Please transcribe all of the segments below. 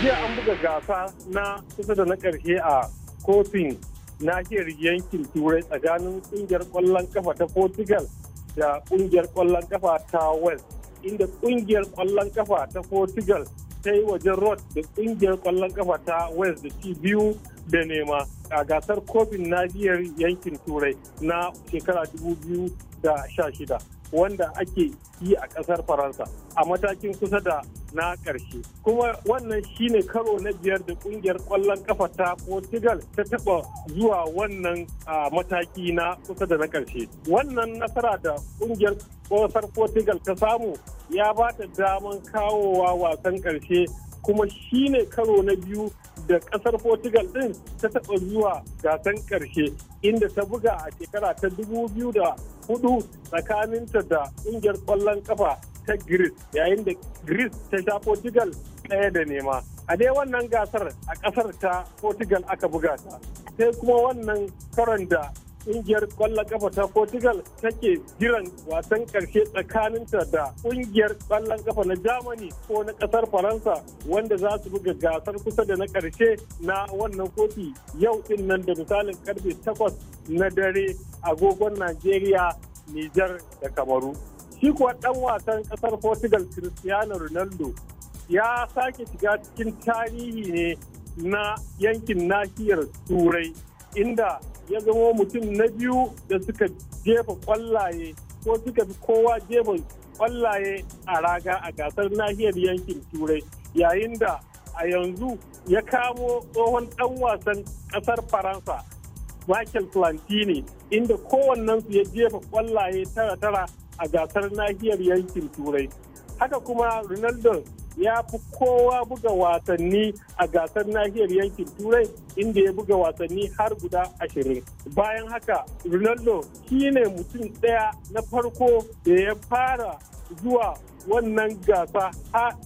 jiya an buga gasa na kusa da na ƙarshe a kofin nahiyar yankin turai tsakanin ƙungiyar kwallon kafa ta portugal da ƙungiyar kwallon kafa ta west inda ƙungiyar kwallon kafa ta portugal ta yi wajen rod da ƙungiyar kwallon kafa ta west da ci biyu da nema a gasar kofin nahiyar yankin turai na shekara 2016 wanda ake yi a kasar faransa a matakin kusa da na ƙarshe kuma wannan shine karo na biyar da ƙungiyar ƙwallon kafa ta portugal ta taɓa zuwa wannan mataki na kusa da na ƙarshe wannan nasara da ƙungiyar ƙosar portugal ta samu ya ba ta daman kawowa wasan ƙarshe kuma shine karo na biyu da ƙasar Portugal din ta taɓa zuwa gasan ƙarshe inda ta buga a shekara ta 2004 tsakaninta da ƙungiyar ƙwallon ƙafa ta Greece yayin da Greece ta sha Portugal ɗaya da nema. A dai wannan gasar a ƙasar ta Portugal aka buga ta. Sai kuma wannan karon da ƙungiyar ƙwallon ƙafa ta Portugal take jiran wasan ƙarshe tsakaninta da ƙungiyar ƙwallon ƙafa na Germany ko na ƙasar Faransa wanda za su buga gasar kusa da na ƙarshe na wannan kofi yau din nan da misalin karfe 8 na dare agogon Najeriya, Nijar da Kamaru. Shi kuwa ɗan wasan kasar Portugal Cristiano Ronaldo ya sake shiga cikin tarihi ne na yankin nahiyar Turai inda ya zama mutum na biyu da suka jefa kwallaye ko suka fi kowa jefa kwallaye a raga a gasar nahiyar yankin Turai yayin da a yanzu ya kamo tsohon dan wasan kasar Faransa Michael Plantini inda kowannensu ya jefa kwallaye tara-tara a gasar nahiyar yankin turai haka kuma ronaldo ya fi kowa buga wasanni a gasar nahiyar yankin turai inda ya buga wasanni har guda ashirin bayan haka ronaldo shine mutum ɗaya na farko da ya fara zuwa wannan gasa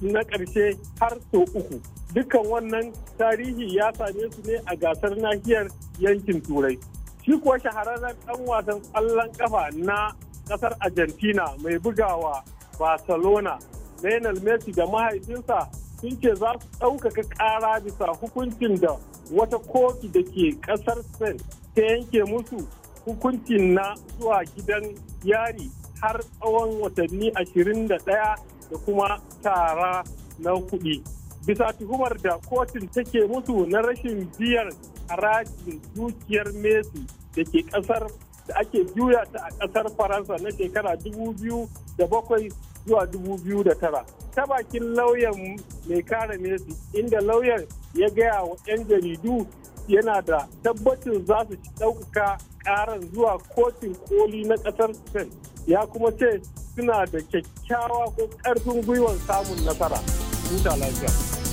na ƙarshe har sau uku dukkan wannan tarihi ya same su ne a gasar nahiyar yankin turai shi kuwa shahararren ɗan wasan ƙwallon ƙafa na kasar argentina mai bugawa barcelona lionel messi da mahaifinsa sun ce za su ɗaukaka ƙara bisa hukuncin da wata kotu da ke ƙasar spain ta yanke musu hukuncin na zuwa gidan yari har tsawon watanni 21 da kuma tara na kuɗi bisa tuhumar da kotun take musu na rashin biyar harajin dukiyar messi da ke ƙasar da ake juya ta a ƙasar faransa na shekara dubu biyu da bakwai zuwa da tara. ta bakin lauyan mai kare messi inda lauyan ya gaya wa 'yan jaridu yana da tabbacin za su ɗaukaka ƙarar zuwa kotun koli na ƙasar spain ya kuma ce suna da kyakkyawa ko ƙarfin gwiwar samun nasara. lafiya.